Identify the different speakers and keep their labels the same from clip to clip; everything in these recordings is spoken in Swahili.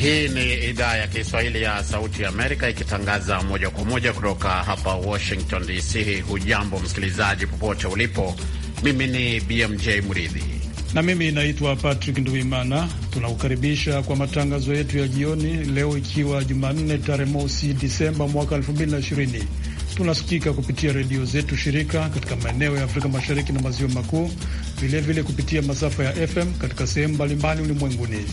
Speaker 1: Hii ni idhaa ya Kiswahili ya Sauti ya Amerika ikitangaza moja kwa moja kutoka hapa Washington DC. Hujambo msikilizaji, popote ulipo. Mimi ni BMJ
Speaker 2: Mridhi na mimi naitwa Patrick Nduimana. Tunakukaribisha kwa matangazo yetu ya jioni leo, ikiwa Jumanne tarehe mosi Disemba mwaka 2020. Tunasikika kupitia redio zetu shirika katika maeneo ya Afrika Mashariki na Maziwa Makuu, vilevile kupitia masafa ya FM katika sehemu mbalimbali ulimwenguni.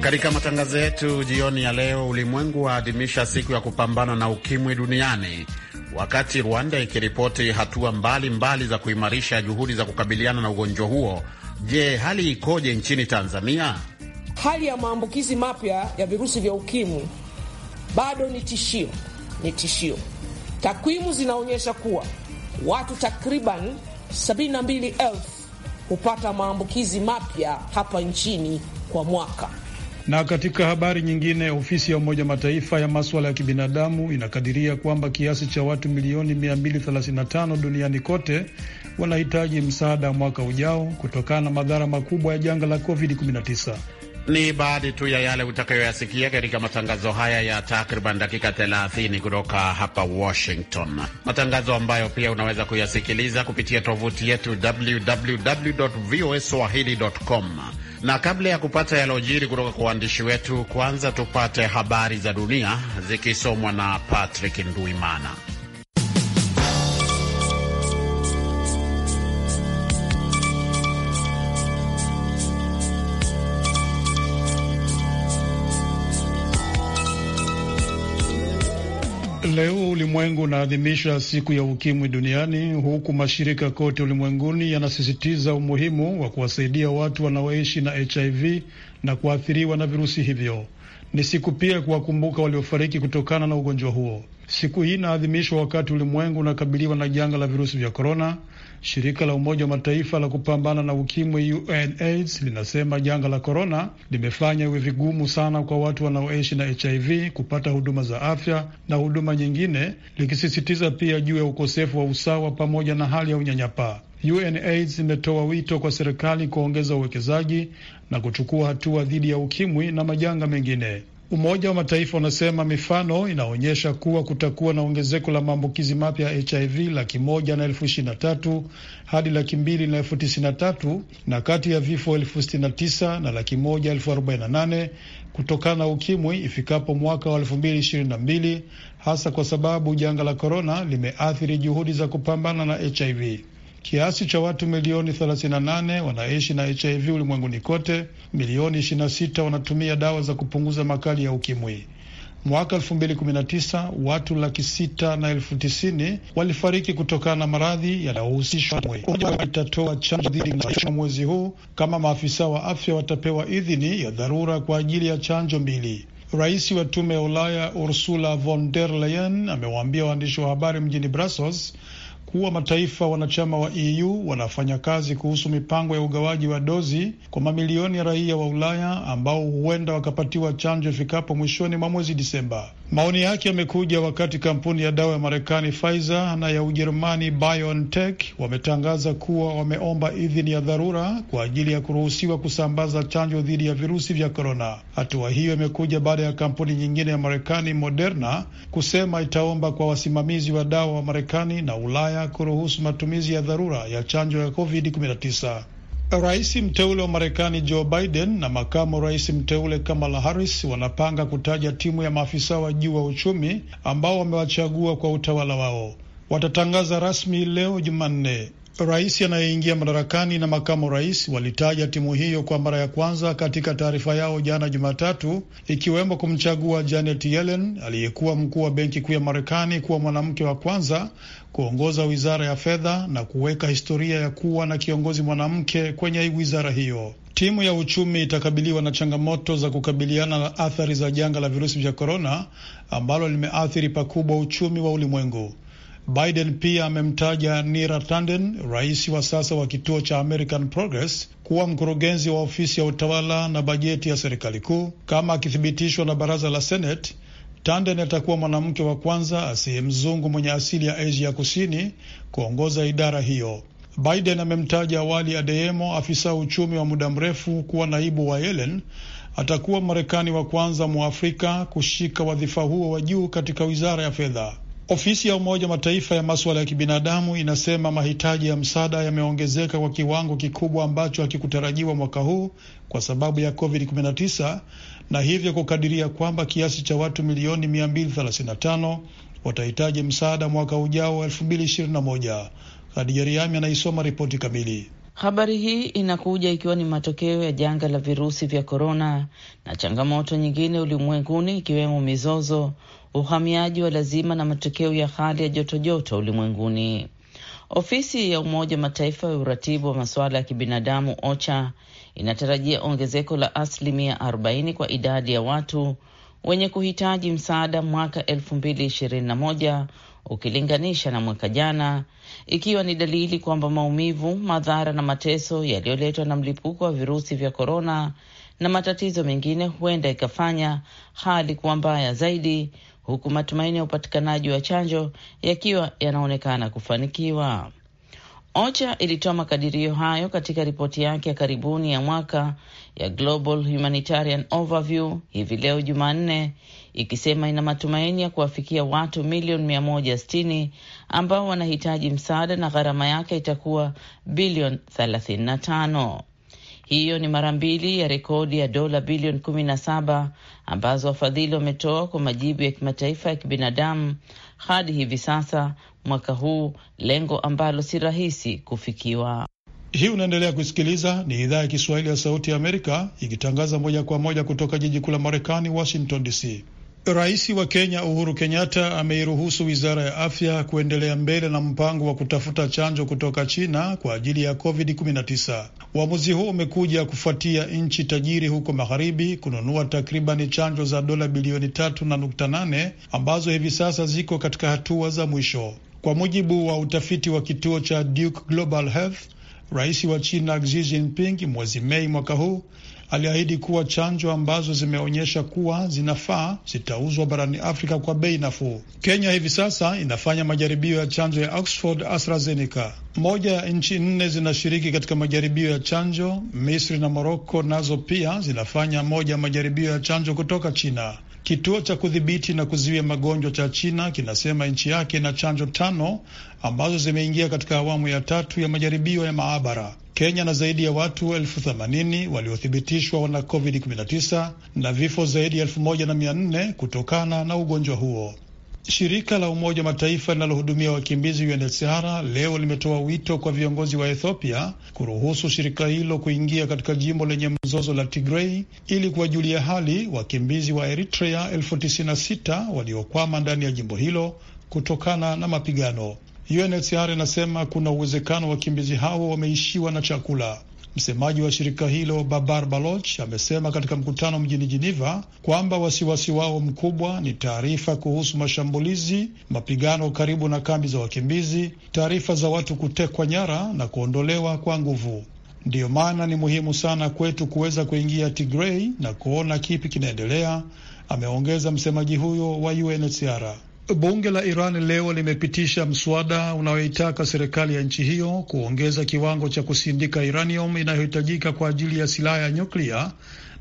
Speaker 1: Katika matangazo yetu jioni ya leo, ulimwengu waadhimisha siku ya kupambana na ukimwi duniani, wakati Rwanda ikiripoti hatua mbalimbali mbali za kuimarisha juhudi za kukabiliana na ugonjwa huo. Je, hali ikoje nchini Tanzania?
Speaker 3: Hali ya maambukizi mapya ya virusi vya ukimwi bado ni tishio, ni tishio. Takwimu zinaonyesha kuwa watu takriban 72,000 hupata maambukizi mapya hapa nchini kwa mwaka.
Speaker 2: Na katika habari nyingine, ofisi ya Umoja Mataifa ya maswala ya kibinadamu inakadiria kwamba kiasi cha watu milioni 235 duniani kote wanahitaji msaada mwaka ujao kutokana na madhara makubwa ya janga la COVID-19.
Speaker 1: Ni baadhi tu ya yale utakayoyasikia katika matangazo haya ya takriban dakika 30 kutoka hapa Washington, matangazo ambayo pia unaweza kuyasikiliza kupitia tovuti yetu www voa na kabla ya kupata yalojiri kutoka kwa waandishi wetu, kwanza tupate habari za dunia zikisomwa na Patrick Nduimana.
Speaker 2: Leo ulimwengu unaadhimisha siku ya ukimwi duniani, huku mashirika kote ulimwenguni yanasisitiza umuhimu wa kuwasaidia watu wanaoishi na HIV na kuathiriwa na virusi hivyo. Ni siku pia ya kuwakumbuka waliofariki kutokana na ugonjwa huo. Siku hii inaadhimishwa wakati ulimwengu unakabiliwa na janga la virusi vya korona Shirika la Umoja wa Mataifa la kupambana na ukimwi UNAIDS linasema janga la korona limefanya iwe vigumu sana kwa watu wanaoishi na HIV kupata huduma za afya na huduma nyingine, likisisitiza pia juu ya ukosefu wa usawa pamoja na hali ya unyanyapaa. UNAIDS imetoa wito kwa serikali kuongeza uwekezaji na kuchukua hatua dhidi ya ukimwi na majanga mengine. Umoja wa Mataifa unasema mifano inaonyesha kuwa kutakuwa na ongezeko la maambukizi mapya ya HIV laki moja na elfu ishirini na tatu hadi laki mbili na elfu tisini na tatu na kati ya vifo elfu sitini na tisa na laki moja elfu arobaini na nane kutokana na ukimwi ifikapo mwaka wa elfu mbili ishirini na mbili hasa kwa sababu janga la korona limeathiri juhudi za kupambana na HIV. Kiasi cha watu milioni 38 wanaishi na HIV ulimwenguni kote, milioni 26 wanatumia dawa za kupunguza makali ya ukimwi. Mwaka 2019 watu laki sita na elfu tisini walifariki kutokana na maradhi yanayohusishwa. Itatoa chanjo dhidi ya mwezi huu kama maafisa wa afya watapewa idhini ya dharura kwa ajili ya chanjo mbili. Rais wa Tume ya Ulaya Ursula von der Leyen amewaambia waandishi wa habari mjini Brussels kuwa mataifa wanachama wa EU wanafanya kazi kuhusu mipango ya ugawaji wa dozi kwa mamilioni ya raia wa Ulaya ambao huenda wakapatiwa chanjo ifikapo mwishoni mwa mwezi Disemba. Maoni yake yamekuja wakati kampuni ya dawa ya Marekani Pfizer na ya Ujerumani BioNTech wametangaza kuwa wameomba idhini ya dharura kwa ajili ya kuruhusiwa kusambaza chanjo dhidi ya virusi vya korona. Hatua hiyo imekuja baada ya kampuni nyingine ya Marekani Moderna kusema itaomba kwa wasimamizi wa dawa wa Marekani na Ulaya kuruhusu matumizi ya dharura ya chanjo ya COVID-19. Rais mteule wa Marekani Joe Biden na makamu rais mteule Kamala Harris wanapanga kutaja timu ya maafisa wa juu wa uchumi ambao wamewachagua kwa utawala wao. Watatangaza rasmi leo Jumanne. Rais anayeingia madarakani na makamu rais walitaja timu hiyo kwa mara ya kwanza katika taarifa yao jana Jumatatu, ikiwemo kumchagua Janet Yellen aliyekuwa mkuu wa benki kuu ya Marekani kuwa mwanamke wa kwanza kuongoza wizara ya fedha na kuweka historia ya kuwa na kiongozi mwanamke kwenye wizara hiyo. Timu ya uchumi itakabiliwa na changamoto za kukabiliana na athari za janga la virusi vya korona ambalo limeathiri pakubwa uchumi wa ulimwengu. Biden pia amemtaja Nira Tanden, rais wa sasa wa kituo cha American Progress, kuwa mkurugenzi wa ofisi ya utawala na bajeti ya serikali kuu. Kama akithibitishwa na baraza la Senate, Tanden atakuwa mwanamke wa kwanza asiye mzungu mwenye asili ya Asia Kusini kuongoza idara hiyo. Biden amemtaja awali Adeyemo, afisa uchumi wa muda mrefu, kuwa naibu wa Yellen. Atakuwa Marekani wa kwanza mwa Afrika kushika wadhifa huo wa juu katika wizara ya fedha. Ofisi ya Umoja wa Mataifa ya maswala ya kibinadamu inasema mahitaji ya msaada yameongezeka kwa kiwango kikubwa ambacho hakikutarajiwa mwaka huu kwa sababu ya COVID-19 na hivyo kukadiria kwamba kiasi cha watu milioni 235 watahitaji msaada mwaka ujao wa 2021. Khadija Riami anaisoma ripoti kamili.
Speaker 4: Habari hii inakuja ikiwa ni matokeo ya janga la virusi vya korona na changamoto nyingine ulimwenguni ikiwemo mizozo, uhamiaji wa lazima na matokeo ya hali ya jotojoto ulimwenguni. Ofisi ya Umoja wa Mataifa ya uratibu wa masuala ya kibinadamu OCHA inatarajia ongezeko la asilimia 40 kwa idadi ya watu wenye kuhitaji msaada mwaka 2021 ukilinganisha na mwaka jana, ikiwa ni dalili kwamba maumivu, madhara na mateso yaliyoletwa na mlipuko wa virusi vya korona na matatizo mengine huenda ikafanya hali kuwa mbaya zaidi, huku matumaini ya upatikanaji wa chanjo yakiwa yanaonekana kufanikiwa. OCHA ilitoa makadirio hayo katika ripoti yake ya karibuni ya mwaka ya Global Humanitarian Overview hivi leo Jumanne, ikisema ina matumaini ya kuwafikia watu milioni 160 ambao wanahitaji msaada na gharama yake itakuwa bilioni 35. Hiyo ni mara mbili ya rekodi ya dola bilioni 17 ambazo wafadhili wametoa kwa majibu ya kimataifa ya kibinadamu hadi hivi sasa mwaka huu, lengo ambalo si rahisi kufikiwa.
Speaker 2: Hii unaendelea kusikiliza, ni idhaa ya Kiswahili ya Sauti ya Amerika ikitangaza moja kwa moja kutoka jiji kuu la Marekani, Washington DC. Rais wa Kenya Uhuru Kenyatta ameiruhusu wizara ya afya kuendelea mbele na mpango wa kutafuta chanjo kutoka China kwa ajili ya COVID-19. Uamuzi huu umekuja kufuatia nchi tajiri huko magharibi kununua takribani chanjo za dola bilioni tatu na nukta nane ambazo hivi sasa ziko katika hatua za mwisho, kwa mujibu wa utafiti wa kituo cha Duke Global Health. Rais wa China Xi Jinping mwezi Mei mwaka huu aliahidi kuwa chanjo ambazo zimeonyesha kuwa zinafaa zitauzwa barani Afrika kwa bei nafuu. Kenya hivi sasa inafanya majaribio ya chanjo ya Oxford AstraZeneca. Moja ya nchi nne zinashiriki katika majaribio ya chanjo. Misri na Moroko nazo pia zinafanya moja ya majaribio ya chanjo kutoka China. Kituo cha kudhibiti na kuzuia magonjwa cha China kinasema nchi yake ina chanjo tano ambazo zimeingia katika awamu ya tatu ya majaribio ya maabara. Kenya na zaidi ya watu elfu themanini waliothibitishwa wana COVID-19 na vifo zaidi ya elfu moja na mia nne kutokana na ugonjwa huo. Shirika la Umoja wa Mataifa linalohudumia wakimbizi UNHCR leo limetoa wito kwa viongozi wa Ethiopia kuruhusu shirika hilo kuingia katika jimbo lenye mzozo la Tigrei ili kuwajulia hali wakimbizi wa Eritrea elfu tisini na sita waliokwama ndani ya jimbo hilo kutokana na mapigano. UNHCR inasema kuna uwezekano wakimbizi hao wameishiwa na chakula. Msemaji wa shirika hilo Babar Baloch amesema katika mkutano mjini jiniva kwamba wasiwasi wao mkubwa ni taarifa kuhusu mashambulizi, mapigano karibu na kambi za wakimbizi, taarifa za watu kutekwa nyara na kuondolewa kwa nguvu. Ndiyo maana ni muhimu sana kwetu kuweza kuingia Tigrei na kuona kipi kinaendelea, ameongeza msemaji huyo wa UNHCR. Bunge la Iran leo limepitisha mswada unaoitaka serikali ya nchi hiyo kuongeza kiwango cha kusindika uranium inayohitajika kwa ajili ya silaha ya nyuklia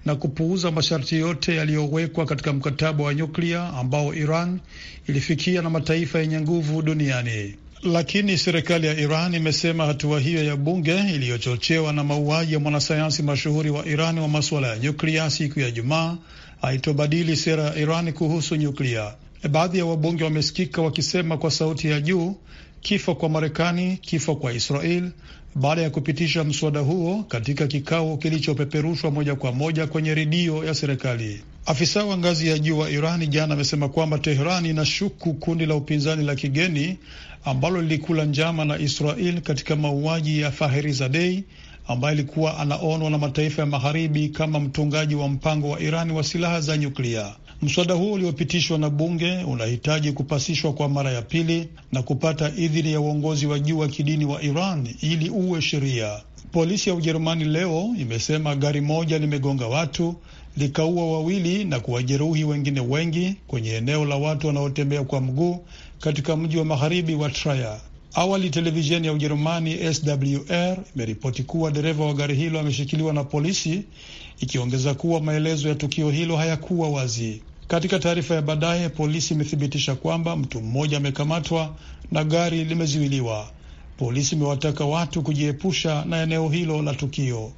Speaker 2: na kupuuza masharti yote yaliyowekwa katika mkataba wa nyuklia ambao Iran ilifikia na mataifa yenye nguvu duniani. Lakini serikali ya Iran imesema hatua hiyo ya bunge iliyochochewa na mauaji ya mwanasayansi mashuhuri wa Iran wa masuala ya nyuklia siku ya jumaa haitobadili sera ya Iran kuhusu nyuklia. E, baadhi ya wabunge wamesikika wakisema kwa sauti ya juu, kifo kwa Marekani, kifo kwa Israel, baada ya kupitisha mswada huo katika kikao kilichopeperushwa moja kwa moja kwenye redio ya serikali. Afisa wa ngazi ya juu wa Irani jana amesema kwamba Teherani inashuku kundi la upinzani la kigeni ambalo lilikula njama na Israel katika mauaji ya Faherizadeh ambaye alikuwa anaonwa na mataifa ya magharibi kama mtungaji wa mpango wa Irani wa silaha za nyuklia. Mswada huo uliopitishwa na bunge unahitaji kupasishwa kwa mara ya pili na kupata idhini ya uongozi wa juu wa kidini wa Iran ili uwe sheria. Polisi ya Ujerumani leo imesema gari moja limegonga watu likaua wawili na kuwajeruhi wengine wengi kwenye eneo la watu wanaotembea kwa mguu katika mji wa magharibi wa Trier. Awali televisheni ya Ujerumani SWR imeripoti kuwa dereva wa gari hilo ameshikiliwa na polisi, ikiongeza kuwa maelezo ya tukio hilo hayakuwa wazi. Katika taarifa ya baadaye, polisi imethibitisha kwamba mtu mmoja amekamatwa na gari limezuiliwa. Polisi imewataka watu kujiepusha na eneo hilo la tukio.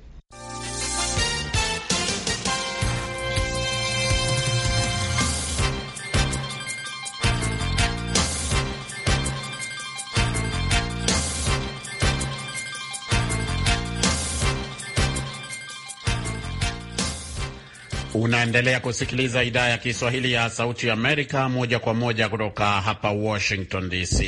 Speaker 1: Unaendelea kusikiliza idhaa ya Kiswahili ya Sauti ya Amerika moja kwa moja kutoka hapa Washington DC.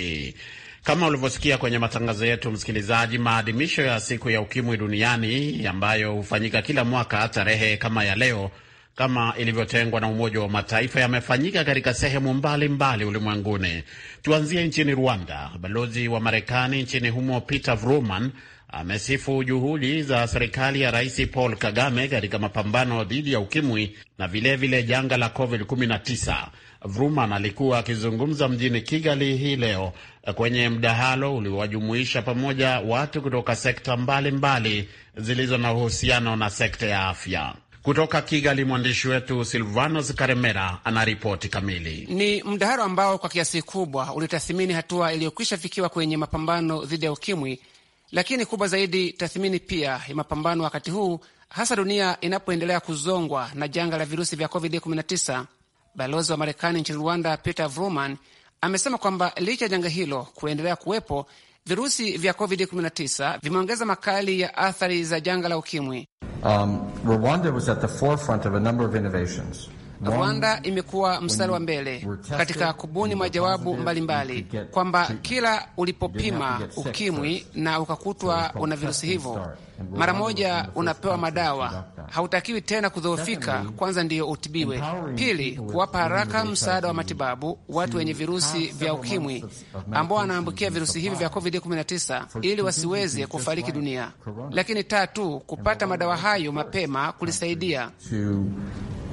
Speaker 1: Kama ulivyosikia kwenye matangazo yetu, msikilizaji, maadhimisho ya siku ya ukimwi duniani ambayo hufanyika kila mwaka tarehe kama ya leo kama ilivyotengwa na Umoja wa Mataifa yamefanyika katika sehemu mbalimbali ulimwenguni. Tuanzie nchini Rwanda. Balozi wa Marekani nchini humo Peter Vrooman amesifu juhudi za serikali ya Rais Paul Kagame katika mapambano dhidi ya ukimwi na vilevile vile janga la COVID-19. Vruman alikuwa akizungumza mjini Kigali hii leo kwenye mdahalo uliowajumuisha pamoja watu kutoka sekta mbalimbali zilizo na uhusiano na sekta ya afya. Kutoka Kigali, mwandishi wetu Silvanos Karemera anaripoti kamili.
Speaker 5: Ni mdahalo ambao kwa kiasi kubwa ulitathimini hatua iliyokwisha fikiwa kwenye mapambano dhidi ya ukimwi lakini kubwa zaidi, tathmini pia ya mapambano wakati huu, hasa dunia inapoendelea kuzongwa na janga la virusi vya COVID-19. Balozi wa Marekani nchini Rwanda Peter vroman amesema kwamba licha ya janga hilo kuendelea kuwepo, virusi vya COVID-19 vimeongeza makali ya athari za janga la ukimwi.
Speaker 6: Um, Rwanda was at the forefront of a number of innovations
Speaker 5: Rwanda imekuwa mstari wa mbele katika kubuni majawabu mbalimbali, kwamba kila ulipopima ukimwi na ukakutwa una virusi hivyo, mara moja unapewa madawa, hautakiwi tena kudhoofika, kwanza ndiyo utibiwe. Pili, kuwapa haraka msaada wa matibabu watu wenye virusi vya ukimwi ambao wanaambukia virusi hivi vya COVID-19 ili wasiweze kufariki dunia. Lakini tatu, kupata madawa hayo mapema kulisaidia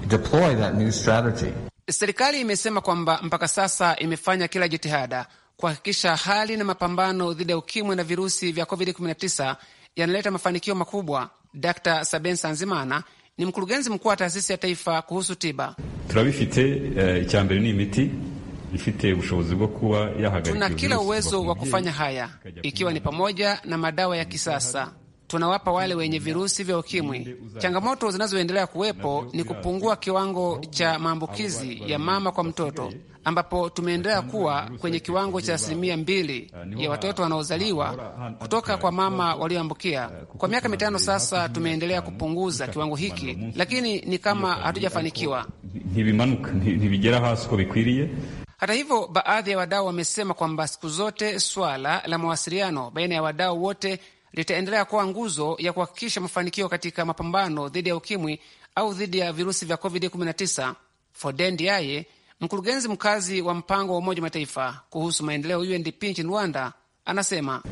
Speaker 6: deploy that new strategy.
Speaker 5: Serikali imesema kwamba mpaka sasa imefanya kila jitihada kuhakikisha hali na mapambano dhidi ya ukimwi na virusi vya COVID-19 yanaleta mafanikio makubwa. Dr. Saben Sanzimana ni mkurugenzi mkuu wa taasisi ya taifa kuhusu tiba.
Speaker 1: Eh,
Speaker 2: Tuna kila uwezo wa kufanya haya,
Speaker 5: ikiwa ni pamoja na madawa ya kisasa tunawapa wale wenye virusi vya ukimwi. Changamoto zinazoendelea kuwepo ni kupungua kiwango cha maambukizi ya mama kwa mtoto, ambapo tumeendelea kuwa kwenye kiwango cha asilimia mbili eh, ya watoto wanaozaliwa kutoka kwa mama walioambukia. Eh, kwa miaka mitano sasa tumeendelea kupunguza kiwango hiki, lakini ni kama hatujafanikiwa. Hata hivyo, baadhi ya wadau wamesema kwamba siku zote swala la mawasiliano baina ya wadau wote litaendelea kuwa nguzo ya kuhakikisha mafanikio katika mapambano dhidi ya ukimwi au dhidi ya virusi vya COVID-19. Foden Ndiaye, mkurugenzi mkazi wa mpango wa Umoja Mataifa kuhusu maendeleo UNDP nchini Rwanda, anasema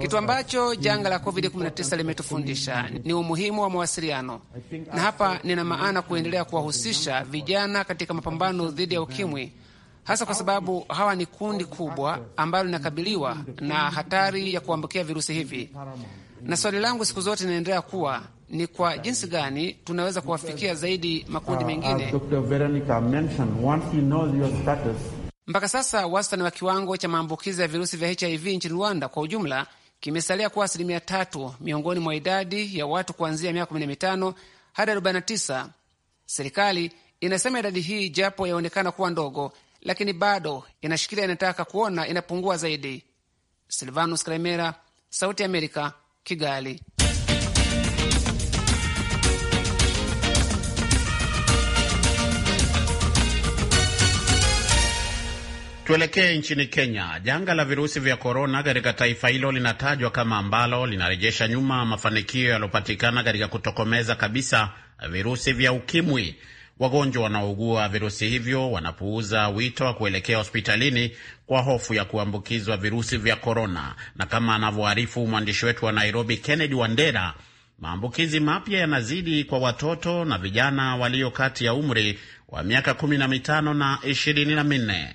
Speaker 5: kitu ambacho janga la COVID-19 limetufundisha ni umuhimu wa mawasiliano, na hapa nina maana kuendelea kuwahusisha vijana katika mapambano dhidi ya ukimwi hasa kwa sababu hawa ni kundi kubwa ambalo linakabiliwa na hatari ya kuambukia virusi hivi, na swali langu siku zote linaendelea kuwa ni kwa jinsi gani tunaweza kuwafikia zaidi makundi uh, mengine. Mpaka sasa wastani wa kiwango cha maambukizi ya virusi vya HIV nchini Rwanda kwa ujumla kimesalia kuwa asilimia tatu miongoni mwa idadi ya watu kuanzia miaka 15 hadi 49. Serikali inasema idadi hii japo yaonekana kuwa ndogo lakini bado inashikilia inataka kuona inapungua zaidi. Silvanus Kremera, Sauti ya Amerika, Kigali.
Speaker 1: Tuelekee nchini Kenya. Janga la virusi vya korona katika taifa hilo linatajwa kama ambalo linarejesha nyuma mafanikio yaliyopatikana katika kutokomeza kabisa virusi vya ukimwi. Wagonjwa wanaougua virusi hivyo wanapuuza wito wa kuelekea hospitalini kwa hofu ya kuambukizwa virusi vya korona, na kama anavyoarifu mwandishi wetu wa Nairobi Kennedy Wandera, maambukizi mapya yanazidi kwa watoto na vijana walio kati ya umri wa miaka kumi na mitano na ishirini na minne.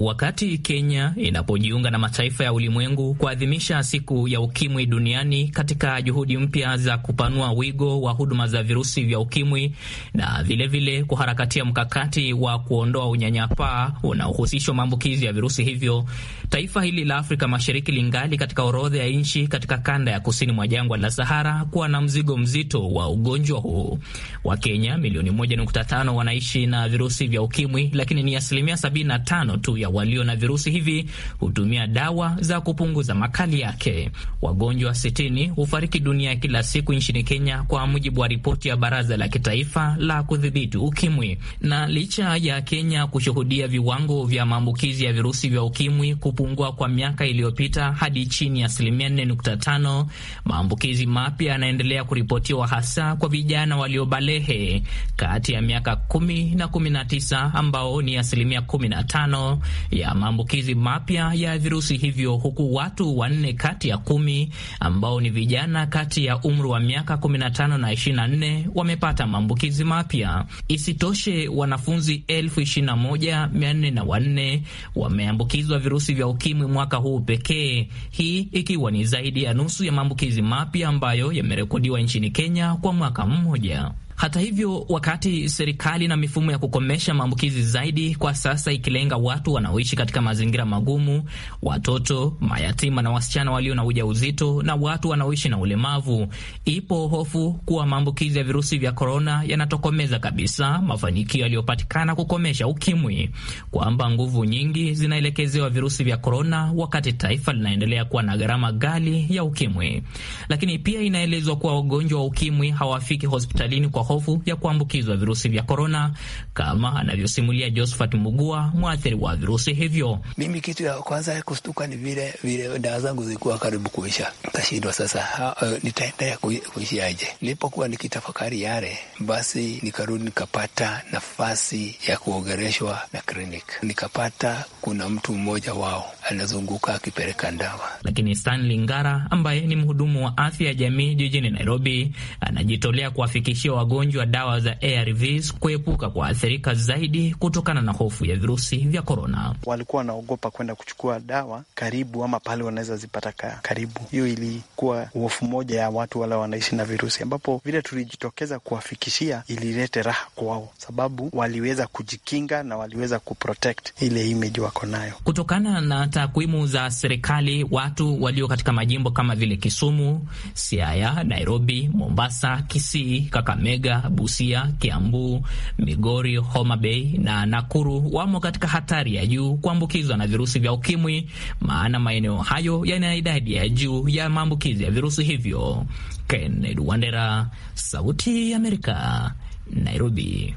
Speaker 7: Wakati Kenya inapojiunga na mataifa ya ulimwengu kuadhimisha siku ya ukimwi duniani katika juhudi mpya za kupanua wigo wa huduma za virusi vya ukimwi na vilevile vile kuharakatia mkakati wa kuondoa unyanyapaa unaohusishwa maambukizi ya virusi hivyo, taifa hili la Afrika Mashariki lingali katika orodha ya nchi katika kanda ya kusini mwa jangwa la Sahara kuwa na mzigo mzito wa ugonjwa huu. Wakenya milioni 1.5 wanaishi na virusi vya ukimwi, lakini ni asilimia 75 tu ya ya walio na virusi hivi hutumia dawa za kupunguza makali yake. Wagonjwa 60 hufariki dunia kila siku nchini Kenya, kwa mujibu wa ripoti ya Baraza la Kitaifa la Kudhibiti Ukimwi. Na licha ya Kenya kushuhudia viwango vya maambukizi ya virusi vya ukimwi kupungua kwa miaka iliyopita hadi chini ya asilimia 4.5, maambukizi mapya yanaendelea kuripotiwa hasa kwa vijana waliobalehe kati ya miaka 10 na 19 ambao ni asilimia 15 ya maambukizi mapya ya virusi hivyo, huku watu wanne kati ya kumi ambao ni vijana kati ya umri wa miaka 15 na 24 wamepata maambukizi mapya. Isitoshe, wanafunzi 21404 wameambukizwa virusi vya ukimwi mwaka huu pekee, hii ikiwa ni zaidi ya nusu ya maambukizi mapya ambayo yamerekodiwa nchini Kenya kwa mwaka mmoja. Hata hivyo, wakati serikali na mifumo ya kukomesha maambukizi zaidi kwa sasa ikilenga watu wanaoishi katika mazingira magumu, watoto, mayatima na wasichana walio na ujauzito na watu wanaoishi na ulemavu, ipo hofu kuwa maambukizi ya virusi vya korona yanatokomeza kabisa mafanikio yaliyopatikana kukomesha ukimwi, kwamba nguvu nyingi zinaelekezewa virusi vya korona, wakati taifa linaendelea kuwa na gharama ghali ya ukimwi. Lakini pia inaelezwa kuwa wagonjwa wa ukimwi hawafiki hospitalini kwa hofu ya kuambukizwa virusi vya korona, kama anavyosimulia Josephat Mugua, mwathiri wa virusi hivyo. Mimi kitu ya kwanza kustuka ni vile vile dawa zangu zilikuwa karibu kuisha, nikashindwa sasa, uh, nitaendea kuishiaje? Nilipokuwa nikitafakari yale, basi nikarudi nikapata nafasi ya kuogereshwa na klinik nikapata kuna mtu mmoja wao anazunguka akipeleka dawa. Lakini Stanley Ngara ambaye ni mhudumu wa afya ya jamii jijini Nairobi anajitolea kuwafikishia wagonjwa wagonjwa dawa za ARVs kuepuka kuathirika zaidi kutokana na hofu ya virusi vya korona.
Speaker 2: Walikuwa wanaogopa kwenda kuchukua dawa karibu ama pale wanaweza zipata karibu. Hiyo ilikuwa hofu moja ya watu wala wanaishi na virusi, ambapo vile tulijitokeza kuwafikishia ililete raha kwao, sababu waliweza kujikinga na waliweza kuprotect ile image wako nayo.
Speaker 7: Kutokana na takwimu za serikali, watu walio katika majimbo kama vile Kisumu, Siaya, Nairobi, Mombasa, Kisii, Kakamega Vihiga, Busia, Kiambu, Migori, Homa Bay na Nakuru wamo katika hatari ya juu kuambukizwa na virusi vya ukimwi, maana maeneo hayo yana idadi ya juu ya maambukizi ya virusi hivyo. Kennedy Wandera, Sauti ya Amerika, Nairobi.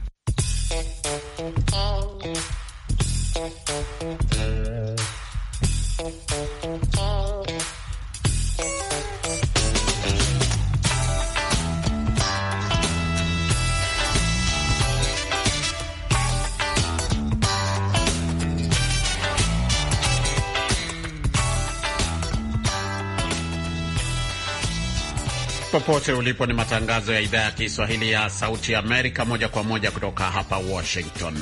Speaker 1: Popote ulipo, ni matangazo ya idhaa ya Kiswahili ya Sauti Amerika, moja kwa moja kutoka hapa Washington.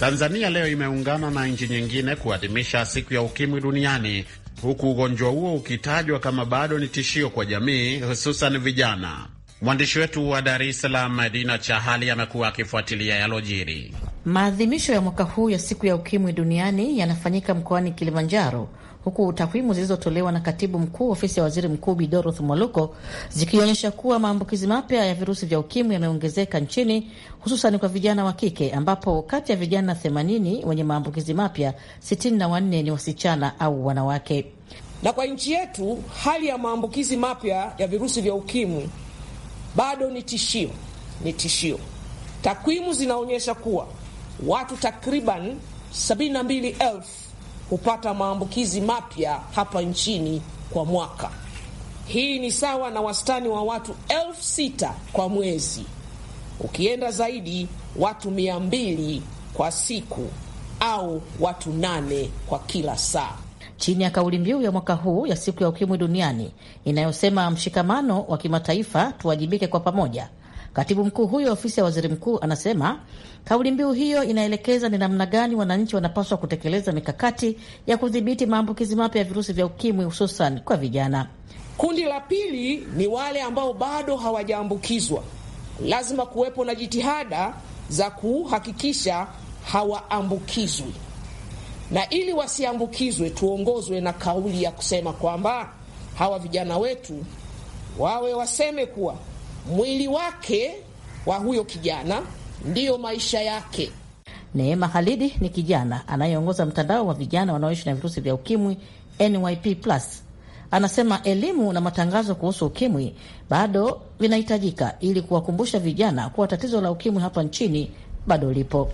Speaker 1: Tanzania leo imeungana na nchi nyingine kuadhimisha siku ya ukimwi duniani, huku ugonjwa huo ukitajwa kama bado ni tishio kwa jamii, hususan vijana. Mwandishi wetu wa Dar es Salaam, Madina Chahali, amekuwa akifuatilia yalojiri.
Speaker 8: Maadhimisho ya mwaka huu ya siku ya ukimwi duniani yanafanyika mkoani Kilimanjaro huku takwimu zilizotolewa na katibu mkuu ofisi ya waziri mkuu bidoroth Mwaluko zikionyesha kuwa maambukizi mapya ya virusi vya ukimwi yameongezeka nchini hususan kwa vijana wa kike, ambapo kati ya vijana 80 wenye maambukizi mapya 64 ni wasichana au wanawake.
Speaker 3: Na kwa nchi yetu hali ya maambukizi mapya ya virusi vya ukimwi bado ni tishio, ni tishio. Takwimu zinaonyesha kuwa watu takriban 72,000 hupata maambukizi mapya hapa nchini kwa mwaka. Hii ni sawa na wastani wa watu elfu sita kwa mwezi, ukienda zaidi watu mia mbili kwa siku au watu nane
Speaker 8: kwa kila saa. Chini ya kauli mbiu ya mwaka huu ya siku ya ukimwi duniani inayosema mshikamano wa kimataifa, tuwajibike kwa pamoja, Katibu mkuu huyo ofisi ya waziri mkuu anasema kauli mbiu hiyo inaelekeza ni namna gani wananchi wanapaswa kutekeleza mikakati ya kudhibiti maambukizi mapya ya virusi vya ukimwi hususan kwa vijana. Kundi la
Speaker 3: pili ni wale ambao bado hawajaambukizwa. Lazima kuwepo na jitihada za kuhakikisha hawaambukizwi, na ili wasiambukizwe, tuongozwe na kauli ya kusema kwamba hawa vijana wetu wawe waseme kuwa mwili wake wa huyo kijana ndiyo maisha yake.
Speaker 8: Neema halidi ni kijana anayeongoza mtandao wa vijana wanaoishi na virusi vya ukimwi NYP Plus. Anasema elimu na matangazo kuhusu ukimwi bado vinahitajika ili kuwakumbusha vijana kuwa tatizo la ukimwi hapa nchini bado lipo.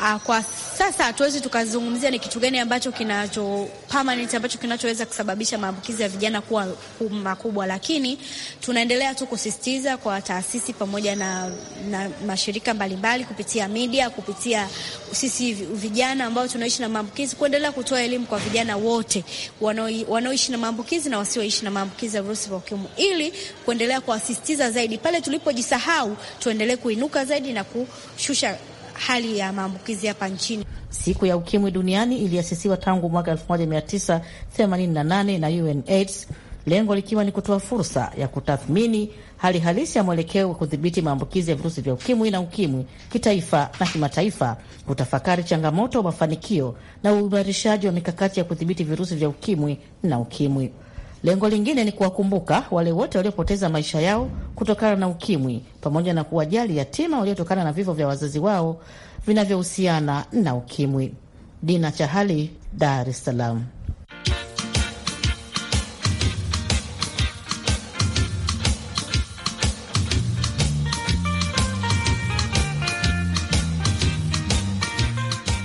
Speaker 8: Ah, kwa sasa hatuwezi tukazungumzia ni kitu gani ambacho kinacho permanent ambacho kinachoweza kusababisha maambukizi ya vijana kuwa makubwa, lakini tunaendelea tu kusisitiza kwa taasisi pamoja na, na mashirika mbalimbali kupitia media, kupitia sisi vijana ambao tunaishi na maambukizi kuendelea kutoa elimu kwa vijana wote wanaoishi na maambukizi na wasioishi na maambukizi ya virusi vya ukimwi, ili kuendelea kuwasisitiza zaidi. Pale tulipojisahau, tuendelee kuinuka zaidi na kushusha hali ya maambukizi hapa nchini. Siku ya Ukimwi Duniani iliasisiwa tangu mwaka 1988 na UNAIDS, lengo likiwa ni kutoa fursa ya kutathmini hali halisi ya mwelekeo wa kudhibiti maambukizi ya virusi vya ukimwi na ukimwi kitaifa na kimataifa, kutafakari changamoto, mafanikio na uimarishaji wa mikakati ya kudhibiti virusi vya ukimwi na ukimwi. Lengo lingine ni kuwakumbuka wale wote waliopoteza maisha yao kutokana na ukimwi pamoja na kuwajali yatima waliotokana na vifo vya wazazi wao vinavyohusiana na ukimwi. Dina Chahali, Dar es Salaam.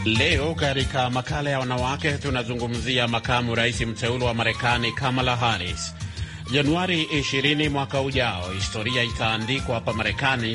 Speaker 1: Leo katika makala ya wanawake tunazungumzia makamu rais mteule wa Marekani Kamala Harris. Januari 20 mwaka ujao historia itaandikwa hapa Marekani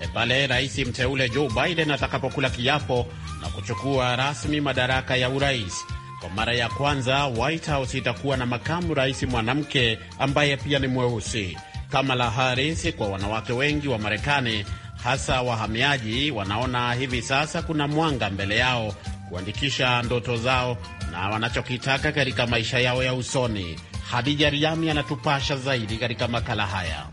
Speaker 1: eh, pale rais mteule Joe Biden atakapokula kiapo na kuchukua rasmi madaraka ya urais. Kwa mara ya kwanza White House itakuwa na makamu rais mwanamke ambaye pia ni mweusi. Kamala Harris, kwa wanawake wengi wa Marekani, hasa wahamiaji wanaona hivi sasa kuna mwanga mbele yao kuandikisha ndoto zao na wanachokitaka katika maisha yao ya usoni. Hadija Riami anatupasha zaidi katika makala haya.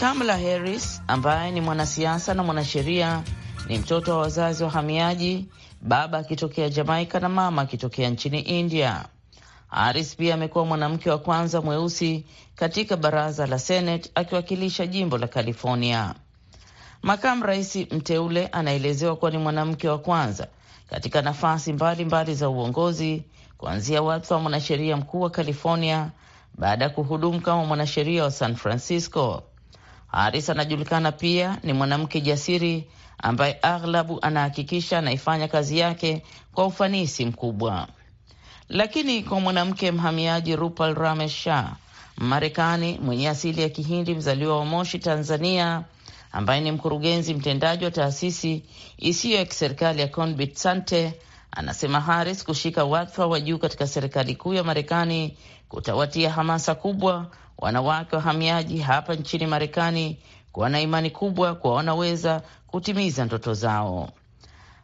Speaker 4: Kamala Harris ambaye ni mwanasiasa na mwanasheria ni mtoto wa wazazi wahamiaji, baba akitokea Jamaika na mama akitokea nchini India. Harris pia amekuwa mwanamke wa kwanza mweusi katika baraza la Senate akiwakilisha jimbo la California. Makamu rais mteule anaelezewa kuwa ni mwanamke wa kwanza katika nafasi mbalimbali mbali za uongozi, kuanzia wadhifa wa mwanasheria mkuu wa California baada ya kuhudumu kama mwanasheria wa San Francisco. Harris anajulikana pia ni mwanamke jasiri ambaye aghlabu anahakikisha anaifanya kazi yake kwa ufanisi mkubwa. Lakini kwa mwanamke mhamiaji Rupal Ramesh Shah, Marekani mwenye asili ya Kihindi, mzaliwa wa Moshi, Tanzania, ambaye ni mkurugenzi mtendaji wa taasisi isiyo ya kiserikali ya Conbit Sante, anasema Harris kushika wadhifa wa juu katika serikali kuu ya Marekani kutawatia hamasa kubwa wanawake wahamiaji hapa nchini Marekani kuwa na imani kubwa kuwa wanaweza kutimiza ndoto zao.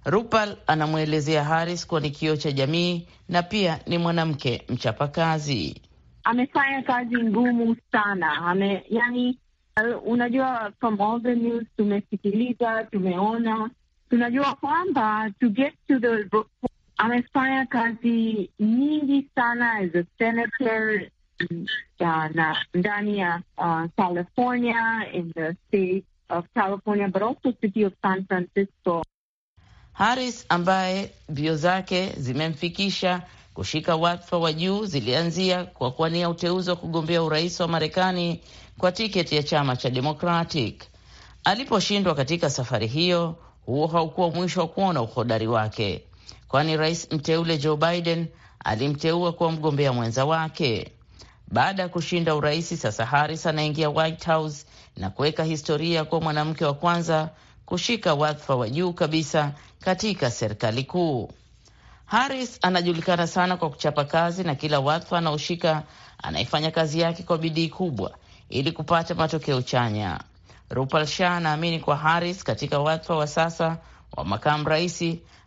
Speaker 4: Rupal anamwelezea Harris kuwa ni kioo cha jamii na pia ni mwanamke mchapakazi. Amefanya kazi
Speaker 6: ngumu sana ame, yani, uh, unajua from all the news tumesikiliza, tumeona, tunajua kwamba to get to the amefanya kazi nyingi sana as a senator mm, uh, na ndani ya uh, California in the state of California but
Speaker 4: also city of San Francisco. Harris ambaye mbio zake zimemfikisha kushika wadhifa wa juu zilianzia kwa kuwania uteuzi wa kugombea urais wa Marekani kwa tiketi ya chama cha Democratic. Aliposhindwa katika safari hiyo, huo haukuwa mwisho wa kuona uhodari wake, kwani rais mteule Joe Biden alimteua kuwa mgombea mwenza wake. Baada ya kushinda urais, sasa Harris anaingia White House na kuweka historia kuwa mwanamke wa kwanza kushika wadhifa wa juu kabisa katika serikali kuu. Harris anajulikana sana kwa kuchapa kazi na kila wadhifa anaoshika anayefanya kazi yake kwa bidii kubwa ili kupata matokeo chanya. Rupal Shah anaamini kwa Harris katika wadhifa wa sasa wa makamu rais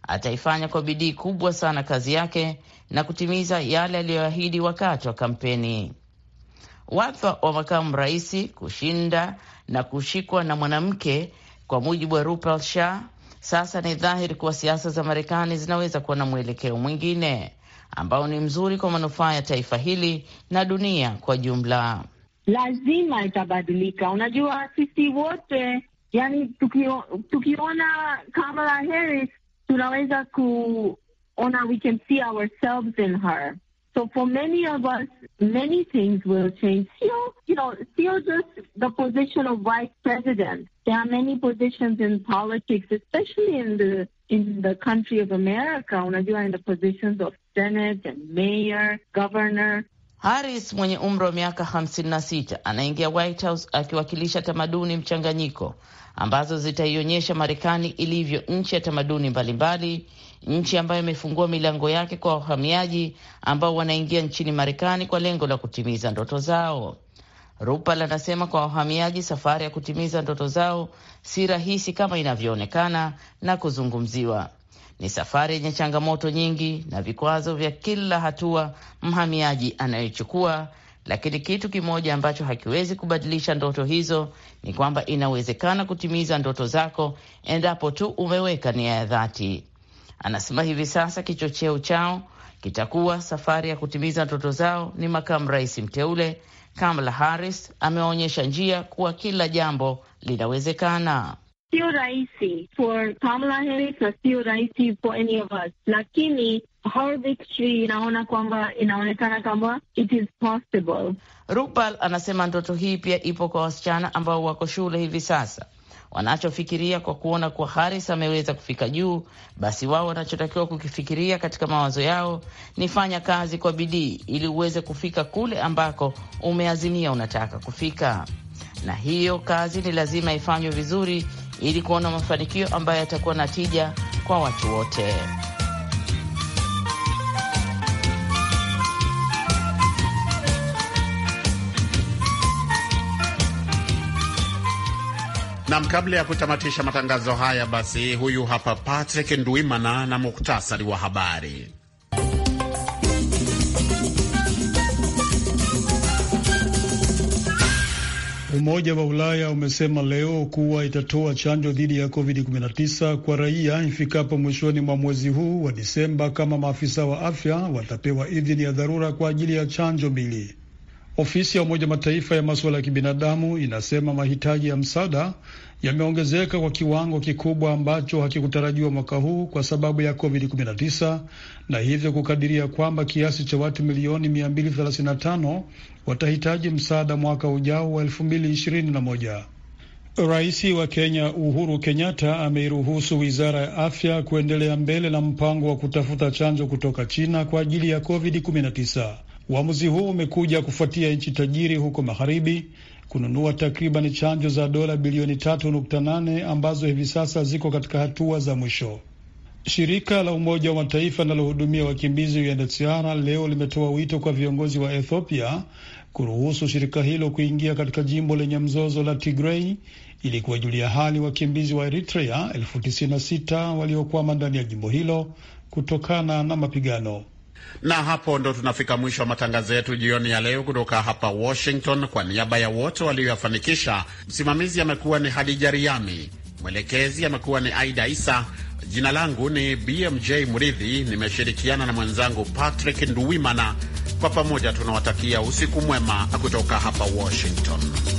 Speaker 4: ataifanya kwa bidii kubwa sana kazi yake na kutimiza yale aliyoahidi wakati wa kampeni. Wadhifa wa makamu rais kushinda na kushikwa na mwanamke kwa mujibu wa Rupal Shah, sasa ni dhahiri kuwa siasa za Marekani zinaweza kuwa na mwelekeo mwingine ambao ni mzuri kwa manufaa ya taifa hili na dunia kwa jumla.
Speaker 6: Lazima itabadilika. Unajua, sisi wote yani, tukio, tukiona Kamala Harris tunaweza kuona, we can see ourselves in her So for many of us, many things will change. Still, you know, still just the position of vice president. There are many positions in politics, especially in the in the country of America, you are in the
Speaker 4: positions of Senate and mayor, governor, Harris mwenye umri wa miaka 56 anaingia White House akiwakilisha tamaduni mchanganyiko ambazo zitaionyesha Marekani ilivyo nchi ya tamaduni mbalimbali, nchi ambayo imefungua milango yake kwa wahamiaji ambao wanaingia nchini Marekani kwa lengo la kutimiza ndoto zao. Rupal anasema kwa wahamiaji, safari ya kutimiza ndoto zao si rahisi kama inavyoonekana na kuzungumziwa. Ni safari yenye changamoto nyingi na vikwazo vya kila hatua mhamiaji anayochukua, lakini kitu kimoja ambacho hakiwezi kubadilisha ndoto hizo ni kwamba inawezekana kutimiza ndoto zako endapo tu umeweka nia ya dhati. Anasema hivi sasa kichocheo chao kitakuwa safari ya kutimiza ndoto zao. Ni makamu rais mteule Kamala Harris ameonyesha njia kuwa kila jambo linawezekana.
Speaker 6: Sio rahisi for Kamala Harris na sio rahisi for any of us, lakini
Speaker 4: her victory inaona kwamba inaonekana kwamba it is possible. Rupal anasema ndoto hii pia ipo kwa wasichana ambao wako shule hivi sasa wanachofikiria kwa kuona kuwa Haris ameweza kufika juu, basi wao wanachotakiwa kukifikiria katika mawazo yao ni fanya kazi kwa bidii ili uweze kufika kule ambako umeazimia unataka kufika, na hiyo kazi ni lazima ifanywe vizuri ili kuona mafanikio ambayo yatakuwa na tija kwa watu wote.
Speaker 1: Nam, kabla ya kutamatisha matangazo haya, basi huyu hapa Patrick Ndwimana na muktasari wa habari.
Speaker 2: Umoja wa Ulaya umesema leo kuwa itatoa chanjo dhidi ya COVID-19 kwa raia ifikapo mwishoni mwa mwezi huu wa Disemba kama maafisa wa afya watapewa idhini ya dharura kwa ajili ya chanjo mbili. Ofisi ya Umoja Mataifa ya masuala ya kibinadamu inasema mahitaji ya msaada yameongezeka kwa kiwango kikubwa ambacho hakikutarajiwa mwaka huu kwa sababu ya COVID-19 na hivyo kukadiria kwamba kiasi cha watu milioni 235 watahitaji msaada mwaka ujao wa 2021. Rais wa Kenya Uhuru Kenyatta ameiruhusu wizara ya afya kuendelea mbele na mpango wa kutafuta chanjo kutoka China kwa ajili ya COVID-19. Uamuzi huu umekuja kufuatia nchi tajiri huko magharibi kununua takriban chanjo za dola bilioni tatu nukta nane ambazo hivi sasa ziko katika hatua za mwisho. Shirika la Umoja wa Mataifa linalohudumia wakimbizi UNHCR leo limetoa wito kwa viongozi wa Ethiopia kuruhusu shirika hilo kuingia katika jimbo lenye mzozo la Tigrei ili kuwajulia hali wakimbizi wa Eritrea elfu tisini na sita waliokwama ndani ya jimbo hilo kutokana na mapigano.
Speaker 1: Na hapo ndo tunafika mwisho wa matangazo yetu jioni ya leo kutoka hapa Washington. Kwa niaba ya wote walioyafanikisha, msimamizi amekuwa ni Hadija Riami, mwelekezi amekuwa ni Aida Isa. Jina langu ni BMJ mridhi nimeshirikiana na mwenzangu Patrick Nduwimana. Kwa pamoja tunawatakia usiku mwema kutoka hapa Washington.